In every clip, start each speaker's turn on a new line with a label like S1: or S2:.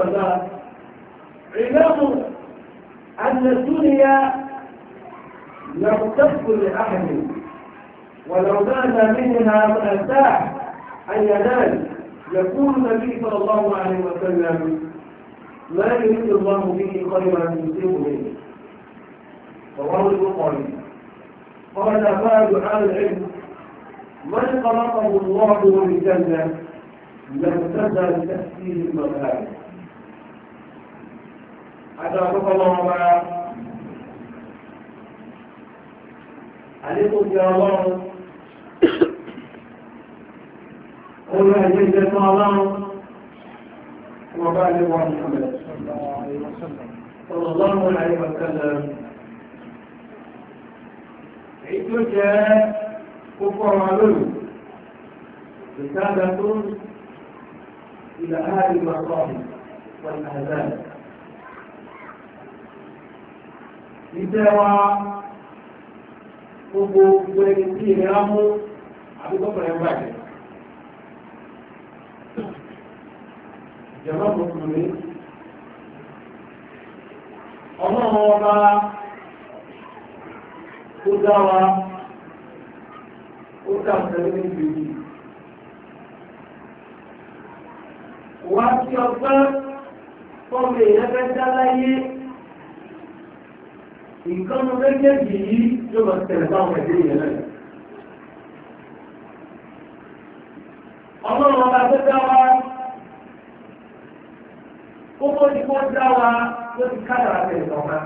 S1: والله علموا أن الدنيا لم تكن لأحد ولو كان منها من أرتاح أن ينال يقول النبي صلى الله عليه وسلم ما يريد الله به خيرا يصيب به رواه البخاري قال فاز اهل العلم من خلقه الله للجنه لم تزل تاتيه المذاهب àjọ àkókò lọ́wọ́ bá àlékún ti ọlọ́run olú ẹ̀jẹ̀ ìjẹ́ fún ọlọ́run wọ́n bá lé wọn ìṣẹ̀lẹ̀ ọlọ́run àyíkọ̀ tẹ́lẹ̀ èyí tó jẹ́ kókó ọmọ lónìí iṣẹ́ wa gbogbo gbẹ̀rẹ̀ tí ilẹ̀ mú àbíkọ́bẹ̀rẹ̀ bàjẹ́ ìjọba mùsùlùmí ọmọ ọba tó dá ó dá ihe, ní ìgbèjì wá sí ọgbẹ́ fọ́nbẹ̀ dá láyé nǹkan mọ́ méjèèjì yìí yóò máa tẹ̀lé báwọn ẹ̀dẹ́ ìyẹn náà. ọlọ́run ọba tó dá wa kókó tí kó dá wa ló ti kára rẹ̀ lọ́ka.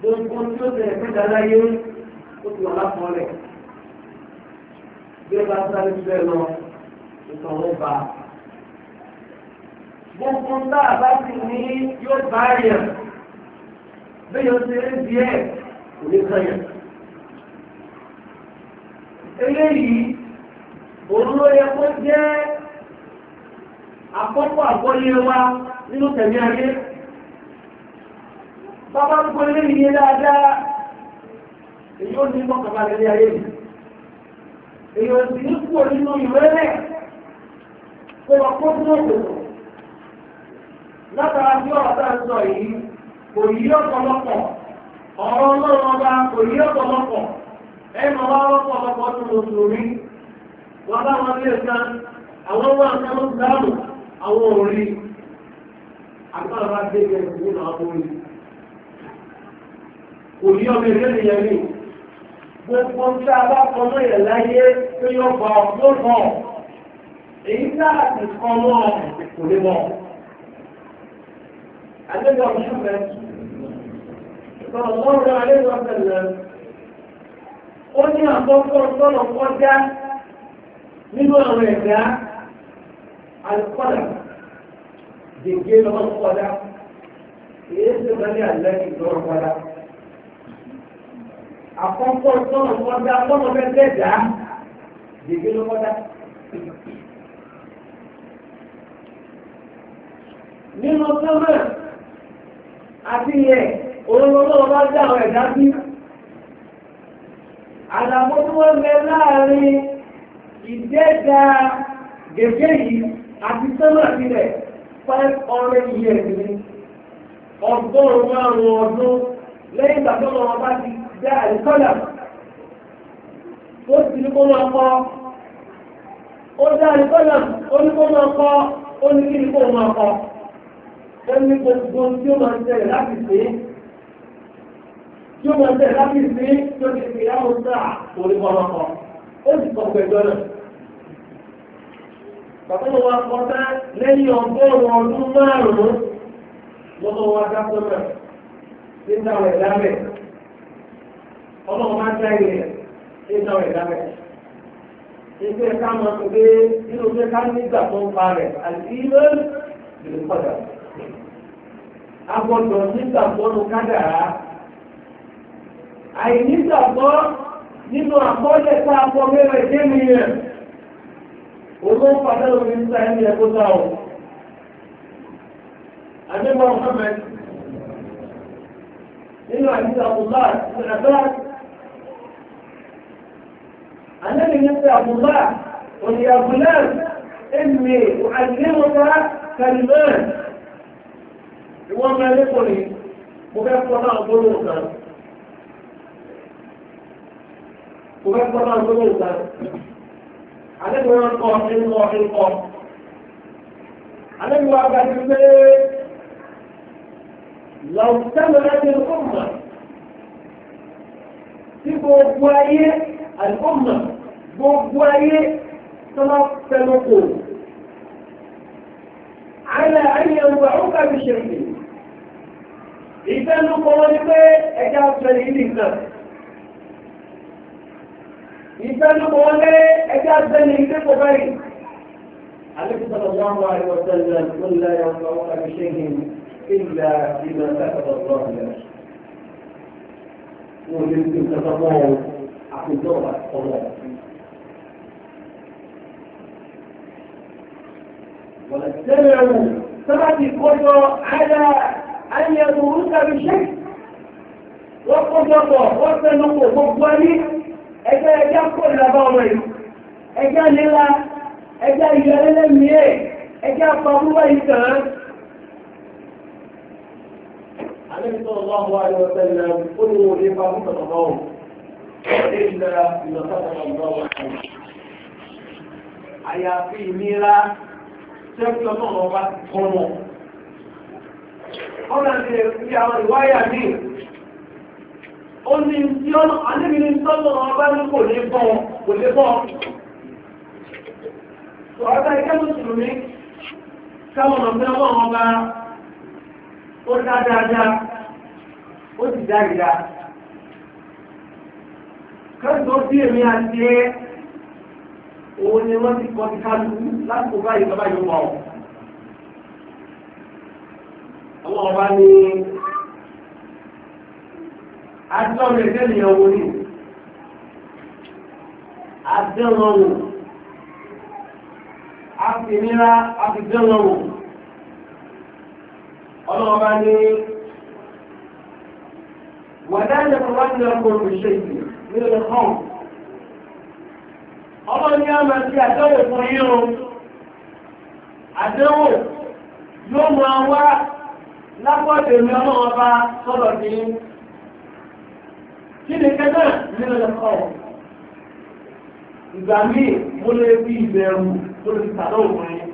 S1: gbogbo tí ó tẹ̀lé fún ìdáláyé ó ti wà lápọ̀ bí ó bá sáré sílẹ̀ lọ ìtàn bá a gbogbo tá a bá ti ní yóò bá yẹn bẹ́ẹ̀ ṣe é díẹ̀ kò ní kàn yẹn. eléyìí òun ló yẹ kó jẹ́ àkọ́kọ́ àkọ́lé wa nínú tẹ̀mí ayé. bàbá ń kọ́ eléyìí yé dáadáa èyí ó ní mọ́kànlá lé ayé yìí èyí ò sì ní kúrò nínú ìwé rẹ̀ kó wà kó fún òkòtò látara bí ọ̀rọ̀ tá a sọ yìí kò yí ọ̀pọ̀lọpọ̀ ọ̀rọ̀ ọlọ́run ọba kò yí ọ̀pọ̀lọpọ̀ ẹnu ọba ọ̀pọ̀lọpọ̀ tó mùsùlùmí wọn bá wọn lé ẹ̀sán àwọn ọmọ àtàwọn ìsìláàmù àwọn òrí àgbàlá bá dé ẹgbẹ́ ìlú náà lórí kò yí ọmọ ìlú ènìyàn ní gbogbo tí a bá kọ mọ́ ìyẹn láyé tó yọ gbà ọ́ ló mọ̀ èyí tá a ti kọ́ mọ́ kò lè mọ̀. النبي محمد صلى الله عليه وسلم ó ní àkọ́kọ́ sọ́nà kọjá nínú àwọn ẹ̀dá alùpàdà gègé lọ́wọ́ kọjá èyí tó bá ní àlẹ́kì lọ́wọ́ kọjá. àkọ́kọ́ sọ́nà kọjá sọ́nà bẹ́ẹ̀ dá gègé lọ́wọ́ kọjá. nínú sọ́nà. àti ilẹ̀ olóòlọ́wọ́ bá dá àwọn bí àdàmọ́ wọ́n láàrin ìdẹ́ta gẹ̀gẹ́ yìí àti sọ́nà sílẹ̀ 500 years ni ọgọ́rùn márùn-ún ọdún lẹ́yìn ìgbà tó bá ti dá àìsọ́nà ó sì ní kó máa ẹni gbogbo tí ó máa ń tẹ̀lé láti sí tí ó máa ń tẹ̀lé láti sí tí ó ti fi yáwó sáà orí kọ́nọ́kọ́ ó sì kọ́ pẹ̀jọ́ náà. Bàbá mi wá kọ́tá lẹ́yìn ọgọ́rùn-ún ọdún márùn-ún lọ́wọ́ wa dákọ́ náà ní ìdáwọ̀ ẹ̀dá rẹ̀. Ọlọ́run máa ń dá ilẹ̀ ní ìdáwọ̀ ẹ̀dá rẹ̀. Ìgbé ẹ̀ka máa ń pè é nínú pé ká nígbà tó ń pa rẹ̀ àti ìlú ìlú kọjá agbọ́dọ̀ nígbàgbọ́nu kádàrá àìnígbàgbọ́ nínú àkọọ́lẹ̀ tá a kọ mẹ́rẹ̀ jẹ́ mi yẹn olóò padà lórí nígbà ẹni ẹ̀kọ́ tá o àdébọ̀ Mohammed nínú àdìsá abdullá ìrẹ̀dá àdébì nípa abdullá òní abdullá ẹ̀mí òhàdìlẹ́wọ̀n ká kàlùmẹ́rẹ̀ ìwọ́n máa lẹ́kọ̀ọ́ ni mo fẹ́ kọ́ náà gbọ́dọ̀ kan mo fẹ́ kọ́ náà gbọ́dọ̀ kan àlẹ́kọ̀ọ́ náà kọ́ ẹ̀kọ́ ẹ̀kọ́ àlẹ́kọ̀ọ́ agbájú pé lọ́sẹ̀lẹ̀ láti ọmọ tí gbogbo ayé àlùkọ́mọ̀ gbogbo ìfẹ́ ló kọ́ wọ́n ní pé ẹjá ṣẹlẹ̀ ìlú nǹkan ìfẹ́ ló kọ́ wọ́n lé ẹjá ṣẹlẹ̀ ìlú kò bẹ́rì عليه صلى الله عليه وسلم قل لا ينفعك بشيء إلا بما كتب الله لك ويمكن تتطور عن دورة على أن يدوروك بالشكل وقدروا وسنقوا مقبولي ẹgbẹ́ ẹjá kò lọ́bá ọmọ yìí ẹjá nílá ẹjá ìyọlẹ́lẹ́ mìíràn ẹjá pàmúwà yìí tàn án. alẹ́bíṣọ́ ọlọ́run wa ni wọ́n tẹ́lẹ̀ ó ní wọ́n lè fa fún tọ̀tọ̀tọ̀ ọ̀hún ṣe ìlera àyàfi ìnira ṣẹ́kí ọlọ́run ọba kọ́ wọn ọ̀nà ti fi àwọn ìwáyà ní ó ní tí ó anẹ́bí ní tọ́lọ̀ ọba ní kò lè bọ́ kò lè bọ́ ọ̀rọ̀ta ikẹ́ mùsùlùmí káwọn ọ̀gbẹ́ ọlọ́run ọba ó dá dáadáa ó sì dá ìdá kẹ́sìtò sí èmi àti ẹ́ òun ni wọ́n ti kọ́ ti kálukú láti kó báyìí bàbá yóò wà ọ́ wọ́n bá ní adọ́rẹ̀ tẹ́lẹ̀ ọwọ́ ní adẹ́rọ̀wò afìnira afìdẹ́rọ̀wò ọlọ́wọ́ bá ní wàdáyé kọ̀wá ní ọkọ̀ òṣèlú nílẹ̀ hàn ọmọ ní a máa ti fún yíò àdẹ́wò yóò máa wá lápọ̀jù mi ọlọ́wọ́ bá sọ́dọ̀ ní kí ni kẹ́kẹ́ nínú ẹ̀kọ́ ìgbà míì mo lè fi ìbẹ̀rù mo lè fi tàdó òkùnrin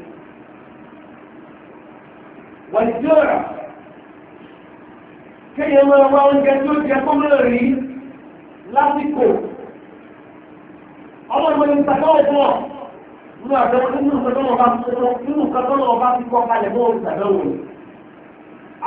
S1: wà ní tí ó rà kéèyàn máa wá oúnjẹ tí ó jẹ kó mọ́ rí lásìkò ọmọ ìwé ní tàdó òkùn nínú àdéhùn nínú nǹkan tó lọ́wọ́ bá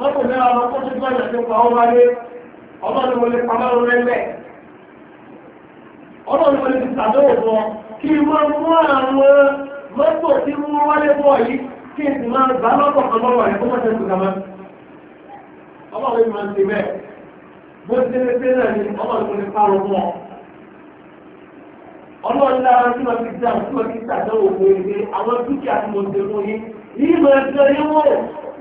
S1: mọ́tò mẹ́ra lọ kó tó gbọ́dọ̀ tó pa ó wáyé ọlọ́run wọlé pamọ́ ló lẹ́lẹ̀ ọlọ́run wọlé ti sàdéwò bọ́ kí wọ́n mú àwọn mọ́tò tí wọ́n wálé bọ̀ yìí kí n sì máa gbà lọ́pọ̀ kan lọ́wọ́ rẹ̀ kó má ṣe tùkà mọ́ ọlọ́run yìí máa ń ti bẹ́ẹ̀ bó ti lè pé náà ni ọlọ́run wọlé pààrọ̀ mọ́ ọlọ́run lára tí wọ́n ti dá tí wọ́n ti sàdéwò bọ́ yìí àwọn dúkìá tí mo ti mú yìí yìí máa ń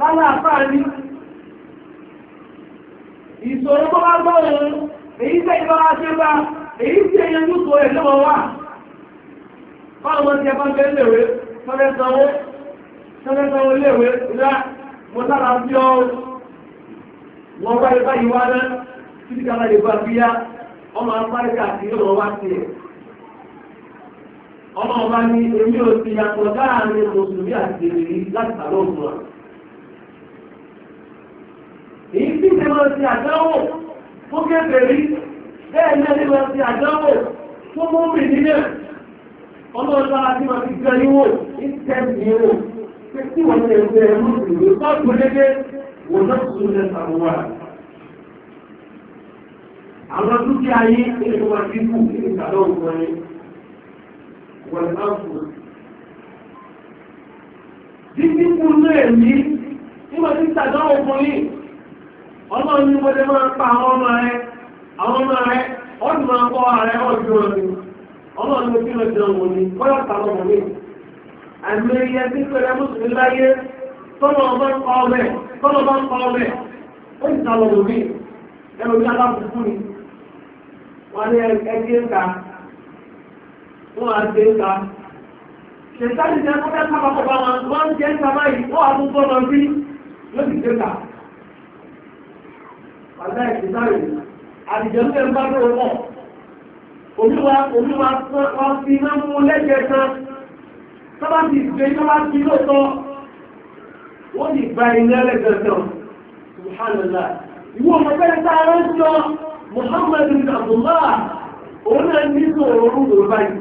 S1: lálàáfáà ní ìṣòro tó bá gbọ́ èyí tẹ́ ìbára ṣe bá èyí tí èyàn ń sọ ẹ̀ lọ́wọ́ wà báwọn ti ẹbá fẹ́ léwé tọ́lẹ́sọ́wọ́ léwé rá mo sára bí ọ́ wọ́n wá ipá ìwá náà ọmọ ọmọ ni èmi ò lọ sí àdánwò fún kèfèrí bẹ́ẹ̀ náà ní lọ sí àdánwò fún mọ́mì nílẹ̀ ọlọ́ọ̀lá àti wọn ti jẹ níwò ní tẹ́ẹ̀mì wò pé tí wọ́n lè fẹ́ ẹ̀mú ìlú tọ́jú lédè wò náà tún lẹ́ sàmúwà àwọn dúkìá yí nínú wọn ti kù nínú ìtàlọ́ òkun ni wọ́n náà fún Dídí kú ní èmi, nígbà tí ìtàdánwò fún yìí, ọlọ́run ní mọ́dé máa pa àwọn ọmọ rẹ àwọn ọmọ rẹ ọdún máa kọ́ ààrẹ ọjọ́ ọdún ọlọ́run ló kí lọ jẹun wò ní kọ́lá tàbí ọmọ mi àmì ẹyẹ tí pẹ̀lẹ́ mùsùlùmí láyé tọ́lọ̀ ọba ń kọ́ ọbẹ̀ tọ́lọ̀ ọba ń kọ́ ọbẹ̀ ó ti tàbí ọmọ ni wọ́n ní ẹgbẹ́ ńkà wọ́n á jẹ́ ń jẹ́ báyìí wọ́n á tún bọ́ lọ sí lóṣìṣẹ́ ńkà aláìsíláì àdìjẹ́lú ẹ̀ ń bá lóò mọ̀ olúwa olúwa wọ́n fi iná mú lẹ́jẹ̀ẹ́ kan tọ́bá ti gbé tọ́bá ti lóòtọ́ wọ́n ti gba iná lẹ́gbẹ̀ẹ́ Subhanallah ìwọ ọmọ pẹ́lẹ́ tá a rán jọ Muhammad bin Abdullah òun náà ní sọ̀rọ̀ orú lòrò báyìí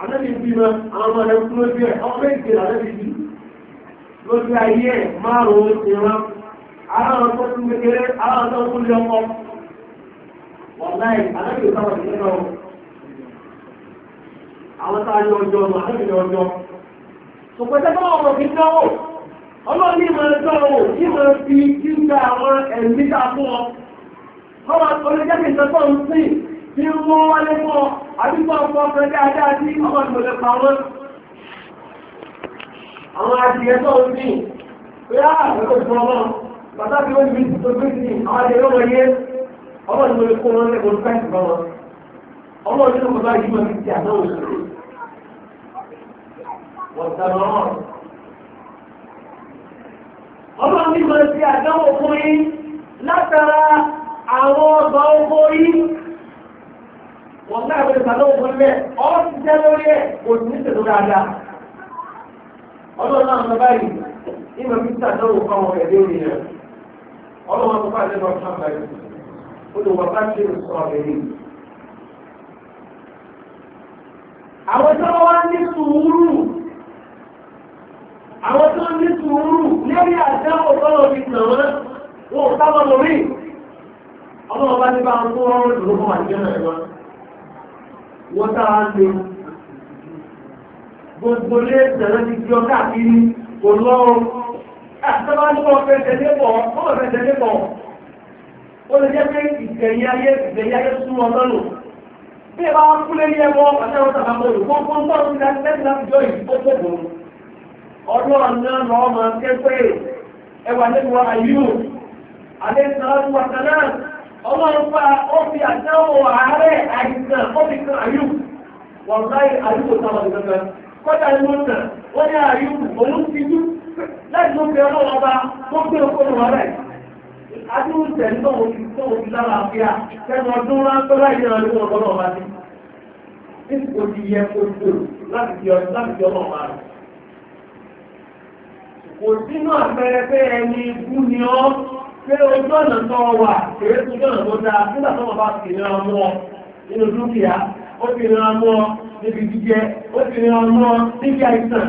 S1: àtẹ́bí bí mọ́ àwọn ọmọ rẹ̀ kúrò bí ẹ̀ márùn-ún ìran ala ọzọ tún kékeré aláwọ̀ tó tún lé ọmọ wọ́n láì aláwọ̀ yóò sábà a yọ ọjọ́ ọmọ aláwọ̀ yọ ọjọ́ ṣùgbọ́n pàtàkì wọ́n ti tó gbé sí àwọn àjẹ́ lọ́wọ́ yé ọmọ ìlú ẹ̀kọ́ wọn lẹ́kọ̀ọ́ fẹ́ǹsì bá wọn ọmọ ìlú ẹ̀kọ́ bá yìí wọn ti ti àdáwò sọ̀rọ̀ wọ́n sọ̀rọ̀ wọn. ọmọ mi máa ti àdáwò fún yín látara àwọn ọgbà owó yín wọ́n náà wọ́n ti sàdáwò fún ilẹ̀ ọ́ ti jẹ́ lórí ẹ̀ kò ní tètè dáadáa ọlọ́run náà ń lọ báyìí ìmọ̀ mi ti ọlọ́wọ́n tó bá lẹ́nu ọ̀sán báyìí ó lè wọ́n bá ṣe sọ̀rọ̀ èyí. àwọn tó wá ní sùúrù àwọn tó ní sùúrù lórí àjẹ́ òtọ́lọ́ ti tàn wọ́n wọn ò sábà lórí ọlọ́wọ́n bá ti bá wọn tó wọ́n lò fún àjẹ́ náà wọn. wọ́n tá a lè gbogbo lé tẹ̀lé ti di ọ káàkiri kò lọ́rùn tọ́bá ní kọ́ fẹ́ tẹ́lẹ̀ pọ̀ bí ẹ bá wọ́n kú lé ní ẹbọ ọ̀sẹ̀wọ̀n ó fi àtẹ́wò láti ló bẹ ọlọ́wọ́ bá tó gbé okòrò wọn rẹ̀. Adúrú tẹ̀ náà ó ti tó omi lára àfíà tẹ́nu ọdún ráńpẹ́ láì yẹra ló wọ́n lọ́wọ́ bá dé. Nísìkò ti yẹ ojú láti fi ọdún láti fi ọlọ́wọ́ máa rẹ̀. Kò sínú àpẹẹrẹ pé ẹni bú ni ọ́ pé ojú ọ̀nà tó wà kéré tó ojú tó dáa nígbà tó wọ́n bá fi ní ọmọ nínú dúkìá ó fi ní ọmọ níbi jíjẹ ó fi ní ọmọ níbi àìsàn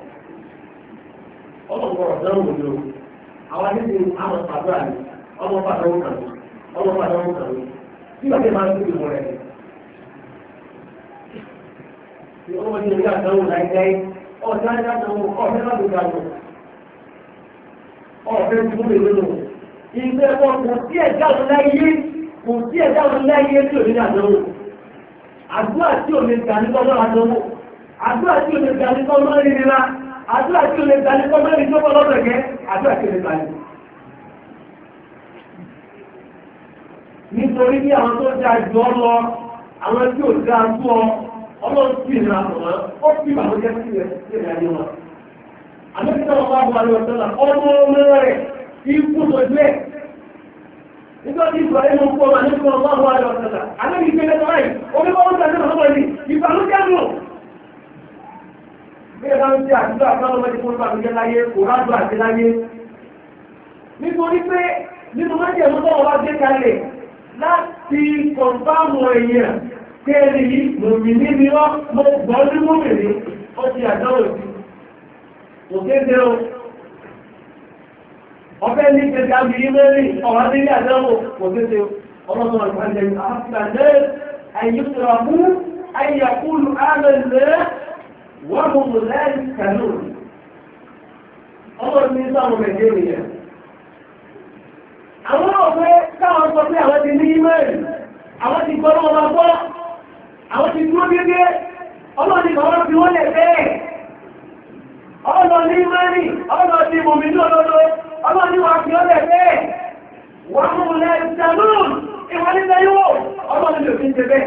S1: ọlọ́pọ̀ ọ̀dọ́rùn ún ló àwọn níbi àwọn pàdúrà ní ọmọ pàdánù kan ọmọ pàdánù kan tí wọ́n ti máa ń tóbi mọ́ rẹ̀ tí ọmọ ti rí àdánwò láìpẹ́ ọ̀dá ò ní àdánwò ní àdánwò àdúrà tí ò ní àdúrà tí o lè dalẹ̀ kọ́ mẹ́rin tó bọ́ lọ́dọ̀ yẹn àdúrà tí o lè dalẹ̀. nítorí ní àwọn tó dáa jù ọ lọ àwọn tí ò dáa tó ọ ọlọ́run sì rìn àpò wọn ó fi àwọn jẹ́ sí rẹ̀ sí rẹ̀ ayé wọn. àmọ́ tí wọ́n bá bu àlọ́ ìṣọ́lá ọmọ ọmọ rẹ̀ ikú tó gbé nígbàtí ìbúraẹ́ mú kú ọmọ àlejò ọmọ àwọn àlọ́ ìṣọ́lá àlejò ìgbẹ́lẹ́ bí ẹ bá ń ṣe àdúrà fún ọmọdé fún ọmọ àbújá láyé kò rájò àti láyé nítorí pé nínú méjì ẹ̀mú tó wọ́n bá gbé kalẹ̀ láti kọ̀ǹfàmù èèyàn kéèrè yìí mòmìnì ni wọ́n mo gbọ́ ní mòmìnì ó ti àdánwò sí òkéde o ọ̀fẹ́ ní kẹta bí mẹ́rin ọ̀rọ̀ ní ilé wọ́n mú mú láì kànú ọmọ ní sọ́mọ nàìjíríà àwọn ọ̀fẹ́ káwọn sọ pé àwọn ti ní ímẹ́ẹ̀lì àwọn ti gbọ́nà ọmọ gbọ́ àwọn ti dúró dédé ọlọ́ni kan fi wọ́n lẹ̀ bẹ́ẹ̀ ọlọ́ni ímẹ́ẹ̀lì ọlọ́ni mùmí lọ́lọ́lọ́ ọlọ́ni wà fi wọ́n lẹ̀ bẹ́ẹ̀ wọ́n mú láì kànú ìwọ́n nílẹ̀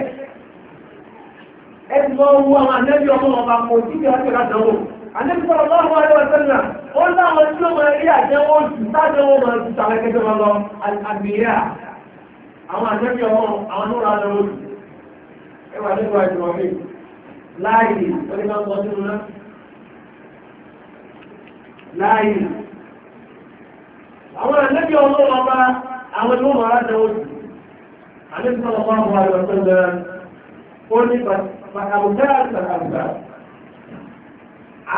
S1: ẹ̀sùn ọwọ́ àwọn anẹ́bí ọmọ ọba kò sí ìjọba ìjọba ìjọba anẹ́bí sọ̀rọ̀ lọ́wọ́ àwọn ẹ̀rọ ó láwọn tí ó máa rí àjẹwò jù sájẹwò máa ti sàrẹ́ kẹjọ lọ àgbèrè àwọn anẹ́bí ọmọ àwọn ọmọ fàkàlùkáàtà àgbà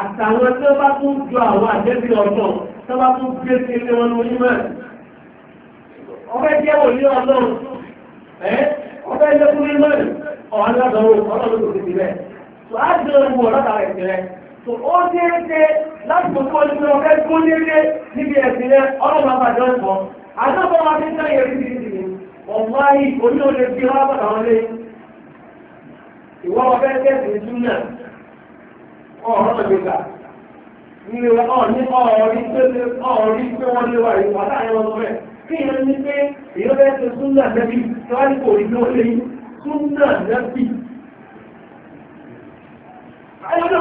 S1: àtàwọn tó bá tún ju àwọn àjẹ́bí ọ̀tọ̀ tó bá tún gbé sí ilé wọn ní onímọ̀ ọ̀fẹ́ jẹ́ wò ní ọlọ́run ẹ́ ọ̀fẹ́ jẹ́ fún mímọ̀ ọ̀hán lọ́dọ̀ọ́rọ̀ ọlọ́run kò sí ti rẹ̀ tó á jẹ́ ewu ọ̀lọ́dà rẹ̀ sí rẹ̀ tó ó déédé láti gbogbo olùgbé ọ̀fẹ́ tó déédé níbi ẹ̀sìn rẹ̀ ọlọ́run àbàjọ ìwọ́n wọn fẹ́ kẹ́sì ní ọ̀rọ̀ ìgbéga nílé wọn ní ọ̀rí pé ọ̀rí pé wọ́n lé wa ìwà láàrin wọn lọ́rẹ̀ kí ìyẹn ní pé ìyẹn fẹ́ ṣe túnà nẹ́bí tọ́wájú kò rí ló lé túnà nẹ́bí. ayọ̀dọ̀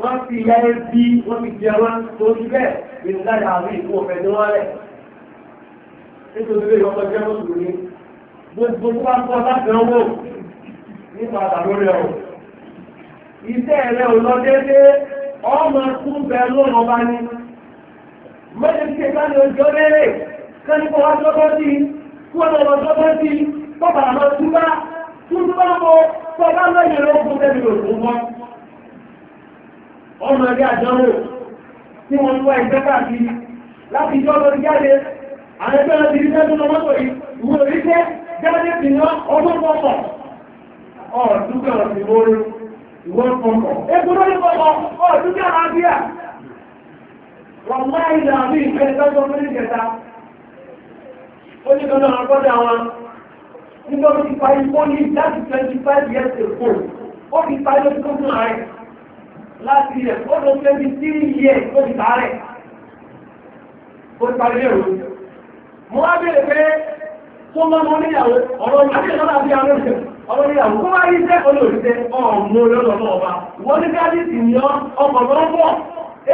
S1: wọ́n fi ya ẹbí wọ́n fi jẹ wọ́n tó ti bẹ́ẹ̀ ní láyà àrí ìkú ọ̀fẹ́ ní wọ́n rẹ̀ nítorí pé ọkọ̀ jẹ́ mùsùlùmí gbogbo tó bá kọ́ láti ọwọ́ nípa àtàlórí ọ̀rọ̀ iṣẹ́ rẹ̀ ò lọ dédé ọmọ tún bẹ lónà ọba ní mẹ́lẹ̀ tí ẹ̀ká ni ojú ọlẹ́rẹ̀ kẹ́ nípa wá tọ́gbọ́ sí kí wọ́n lọ tọ́gbọ́ sí tọ́gbà lọ túbá túbá mọ́ tọ́gbà lọ́yẹ̀ lọ́gbọ́n tẹ́lẹ̀ ọmọ ẹgbẹ́ àjọwò tí wọ́n tó ẹgbẹ́ káàkiri láti jọ lórí jáde àwọn ẹgbẹ́ lọ ti rí tẹ́tù lọ mọ́tò yìí wọ́n rí tẹ́ jáde sí ní ọdún pọ̀pọ̀ ọ̀dúkẹ́ ọ̀sìn orí ìwọ́n pọ̀pọ̀ ẹgbẹ́ lórí pọ̀pọ̀ ọ̀dúkẹ́ àlàáfíà wọ́n máa ìlà àmì ìfẹ́ tọ́jọ́ mẹ́rin jẹta ó ní kan náà gbọ́dọ̀ àwọn nígbà tó ti parí fóònù láti 25 years ago ó ti parí ó ti tó fún ààrẹ láti ilẹ̀ ó lọ fẹ́ bí tí iye tó ti bàárẹ̀ ó ti parí lẹ́rù mo wá bèèrè pé tó mọ́ mọ́ níyàwó ọ̀rọ̀ ìgbàlódé àbí àwọn ìṣẹ̀lẹ̀ ọ̀rọ̀ níyàwó tó wá rí iṣẹ́ olóòrìṣẹ́ ọ̀mú lọ́lọ́lọ́ ọba wọ́n ní gáàdìsì ní ọkọ̀ lọ́wọ́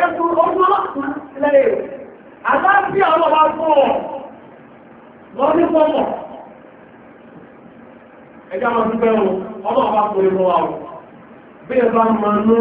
S1: ẹkù ọgbọ́ lẹ́yìn àlàáfíà ọlọ́wà fún ọ lọ́n ní pọ́pọ̀ ẹjá máa dúpẹ́ wọn ọlọ́wà fún ẹgbọ́ wa bí ẹ bá máa nú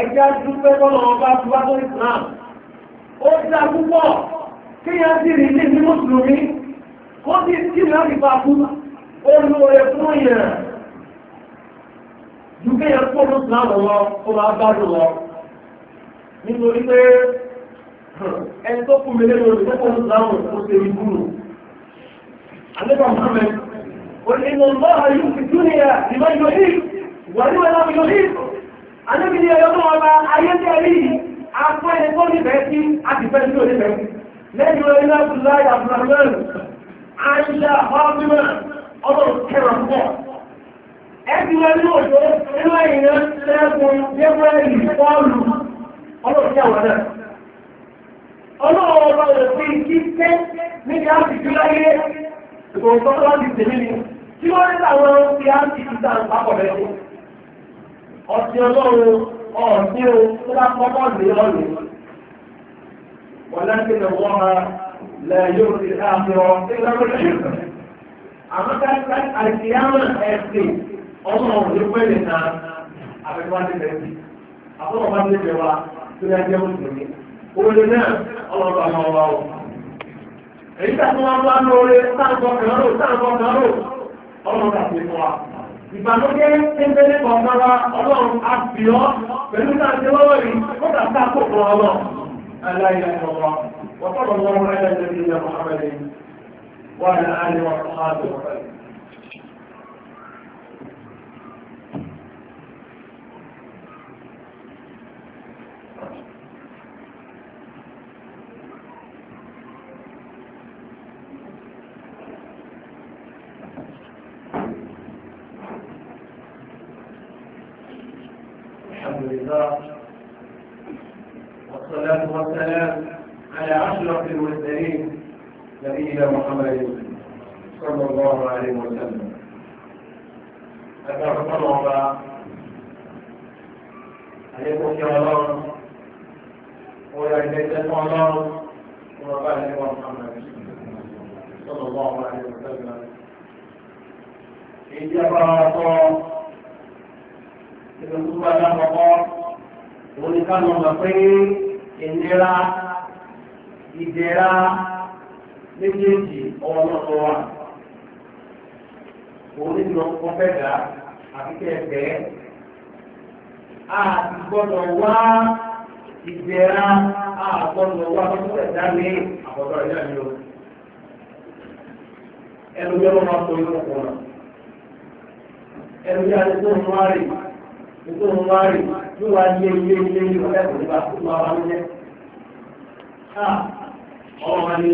S1: ẹ̀já dúpẹ́ bọ́lọ̀ ọba buwájú Islam ó dá púpọ̀ kíyàn sí rí ní ní mùsùlùmí ó sì sí láti bá fún olóore fún ìyàn ju kíyàn kó Islam lọ ó máa gbádùn lọ nítorí pé ẹni tó kú mi lẹ́nu olùdókòwò Islam ó ṣe rí gúrù àlébà Muhammad قل إن الله يمسك الدنيا لمن يحب ولمن لم يحب Àníbi ni ẹ̀yọ́ tó wọ́n bá ayé tẹ́ rí afọ́ ẹni tó nífẹ̀ẹ́ sí àtìfẹ́ sí onífẹ́. Lẹ́yìn orí náà tún láì Abdulrahman, Aisha Hafima, ọmọ kẹrọ pọ̀. Ẹbí wọn ní òjò nínú ẹ̀yìn náà lẹ́kùn Jẹ́bẹ́rì Pọ́ọ̀lù, ọmọ ìṣẹ́ wọn náà. Ọlọ́run ọba òfin kí pé níbi àtìjú láyé ìgbòǹkọ́ tó wá ti tèmi ni. Tí wọ́n ní àwọn ti á ti ti dá àpapọ̀ lẹ́yìn ọtí ọlọ́run ọ̀ọ́dí o tó bá kọ́kọ́ lé ọ̀lẹ́. Wọ́n lẹ́sìn lọ́wọ́ ha lẹ yóò fi àmì ọ̀ sí lọ́wọ́ Àwọn káàkiri àìsíyámọ̀ ẹ̀sìn ọmọ òní pẹ̀lẹ̀ náà àbẹ̀wá ti bẹ̀rẹ̀ sí. Àwọn ọba ti bẹ̀rẹ̀ wa tó yẹ kí ó sùn ní. Olè náà ọlọ́ba máa wá o. Èyí tàbí wọn bá ìbànújẹ́ tẹ́tẹ́lẹ́ kọ̀ọ̀mọ́ra ọlọ́run a fi ọ́ pẹ̀lú sáàtẹ́ lọ́wọ́ yìí kọ́tà sáàkó kan ọlọ́ aláìláìlọ́wọ́ wọ́n èyí ìdẹ̀ra méjèèjì ọwọ́ náà tó lọ kọ́ fẹ́ dà àbíkẹ́ ẹ̀fẹ́ gbọ́dọ̀ wá ìdẹ̀ra a wá fún ní àkọ́dọ̀ ìyá mi o ẹnu yọ́n máa tó inú ẹ̀rù yá ní tó ń wá rè ní tó ń wá rè yóò wá yé yé yé yé wọ́n lẹ́kọ̀ọ́ nípa tó máa wá lóyẹ. ọmọ wa ni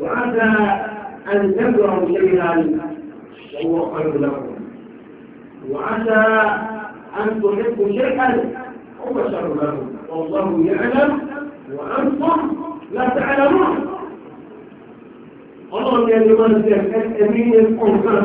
S1: wọ́n á dá àǹtẹ́gbọ̀ ọ̀hún ṣe é náà ni owó ọ̀pọ̀ ìlú lọ́kọ̀. wọ́n á dá àǹtọ̀lẹ́kọ̀ ṣe é kálẹ̀ ó pẹ̀ sọ̀rọ̀ lọ́kọ̀ ọ̀gbọ́n yẹ̀ẹ́lẹ́m wọ́n á ń tọ́ láti àlọ́ náà. ọlọ́run ni ẹni máa ń tẹ̀ ẹ̀mí ẹ̀kọ́ nǹkan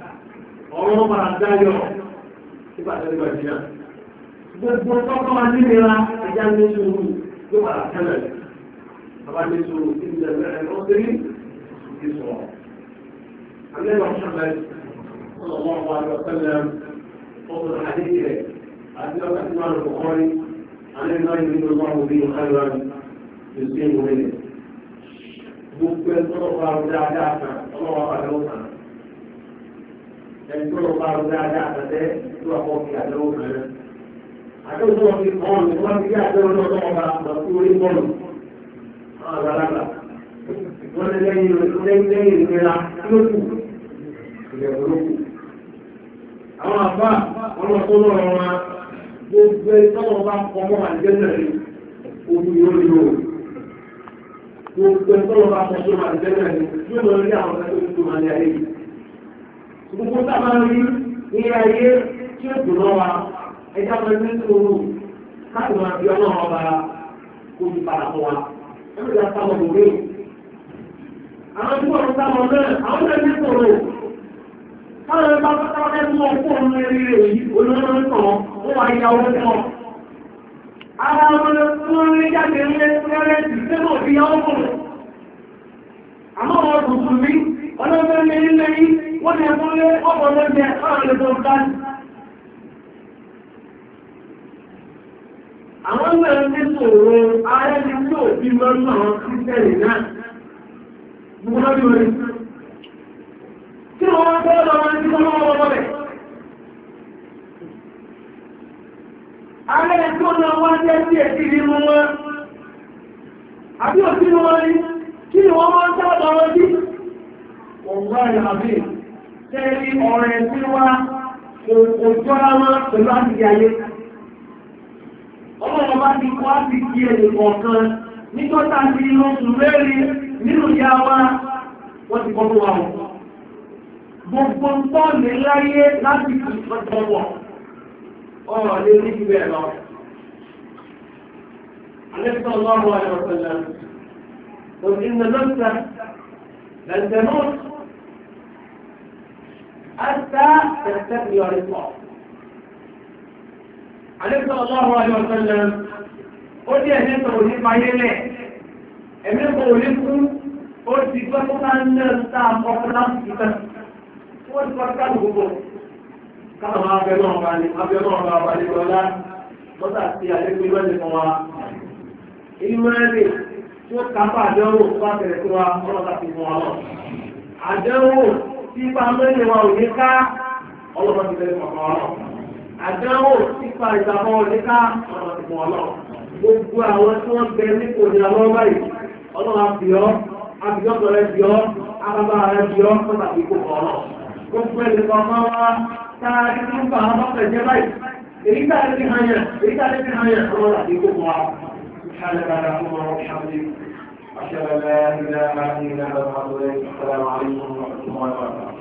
S1: ọ̀rọ̀ máa dáyọ̀ sípàtàlì bàjínà gbogbo tọ́kọ́ wa nílera ẹja ní sùúrù ló wà tẹ́lẹ̀ bàbá ní sùúrù tí ń lẹ́lẹ́ ẹ̀rọ sírí ti sọ̀rọ̀ alẹ́lọ ṣẹlẹ̀ ọlọ́wọ́ wa lọ sẹ́lẹ̀ ọdún àdéjìrẹ̀ àti ọkà tí wọ́n lọ kọ́rí alẹ́lọ́ ìlú ló wà wọ́n bí ọ̀hánlá ló sí ẹni tó lọ bá lọ dáadáa àtàtẹ́ tó àpọ̀ fi àdéhùn kan náà. àdéhùn tó wọn fi kàn án wọn fi àdéhùn náà lọ́wọ́ bá lọ sí orí bọ́ọ̀lù àwọn àgbàlagbà wọn lé lẹ́yìn lẹ́yìn ìlera lókù ìrẹ̀wò lókù. àwọn àbá wọn lọ tó lọ́rọ̀ wọn gbogbo ẹni tó lọ bá kọ́ mọ́ àdéhùn omi yóò lò gbogbo ẹni tó bá kọ́ mọ́ àdéhùn yóò lọ rí àwọn ẹgbẹ́ tó máa ní ayé yìí gbogbo tá a máa rí ní ayé tí ó dùn lọ́wọ́ ẹja máa ní sòrò káàdì máa fi ọlọ́run ọba kó fi padà fún wa ẹni ìjà sáwọn òwe. àwọn tí wọ́n sáwọn náà àwọn náà ní sòrò káwọn bá bá fẹ́ mú ọkọ̀ ọ̀nà rírẹ̀ yìí olóńgbò ń sàn wọ́n wá ya owó fún ọ. ara wọn tí wọ́n rí jáde ní ẹgbẹ́rẹ́ ìgbẹ́mọ̀ fi yá ọkọ̀ àmọ́ wọn tuntun mi ọlọ́gbẹ́ mi ń lẹ́yìn wọ́n ni ẹ̀kọ́ lé ọkọ̀ lẹ́gbẹ̀ẹ́ ọ̀rọ̀ lè tó dájú. Àwọn ìwẹ̀rẹ̀ ní sòrò ààrẹ ni tí ò bí mọ́rún àwọn kírísẹ̀rì náà. Gbogbo lọ́bí wọ́n ni. Tí wọ́n wá fẹ́ lọ wọn ní ọmọ ọmọ rẹ̀. Ààrẹ tí ó náà wá kí ni wọ́n máa ń sábà wọn sí? Wọ̀n wá ìlàbí tẹ́rí ọ̀rẹ́ tí wá òjọ́ra wọn pẹ̀lú àti ayé. Ọlọ́run bá ti kọ́ àti kí ẹni kọ̀ọ̀kan nígbọ́ta ti lọ sùn lẹ́rí nínú ìyá wa wọ́n ti kọ́ tó wà wọ́n. Gbogbo ń tọ́ lè láyé láti kì í tọ́jọ́ wọ̀. Ọ̀rọ̀ lè ní ju bẹ́ẹ̀ lọ. Alẹ́sọ̀ lọ́rọ̀ ẹ̀rọ̀ pẹ̀lú. Òṣìṣẹ́ lọ́sẹ̀ lẹ́sẹ̀ حتى تستثني الإطلاق عليه صلى الله عليه وسلم ó ní ẹ̀mí sọ̀rọ̀ nípa ayélẹ̀ ẹ̀mí kò wọlé fún ó ti gbọ́ tó máa ń lẹ́ ta ọkọ̀ láti fi tán ó ti gbọ́ ká gbogbo káwọn abẹ náà bá ní abẹ náà bá ní ọlá lọ́tà sí àlékún ìwé fún wa inú tí ó kápá àdéhùn fún àtẹ̀rẹ̀ tó wa ọlọ́ta fi fún wa lọ àdéhùn tí bá mẹ́rin wa ò ní ká ọlọ́pàá ti bẹ̀rẹ̀ kọ̀ọ̀kan ọlọ́run àdánwò tí bá ìjàmọ́ ò ní ká ọlọ́pàá ti bọ̀ ọlọ́run gbogbo àwọn tí wọ́n bẹ ní kò ní àwọn báyìí ọlọ́run àbíọ́ àbíọ́ sọ̀rọ̀ ẹ̀bíọ́ alábá rẹ̀ bíọ́ pàtàkì kò kọ̀ ọlọ́run gbogbo ẹ̀lẹ́ kọ̀ọ̀kan wa táàrí ń bá àwọn bọ́kẹ̀jẹ́ báyìí èyí tààrí fi hàn yẹn èyí tààrí fi hàn yẹn ọlọ́run àbí kò kọ̀ أشهد أن لا إله إلا أنت السلام عليكم ورحمة الله وبركاته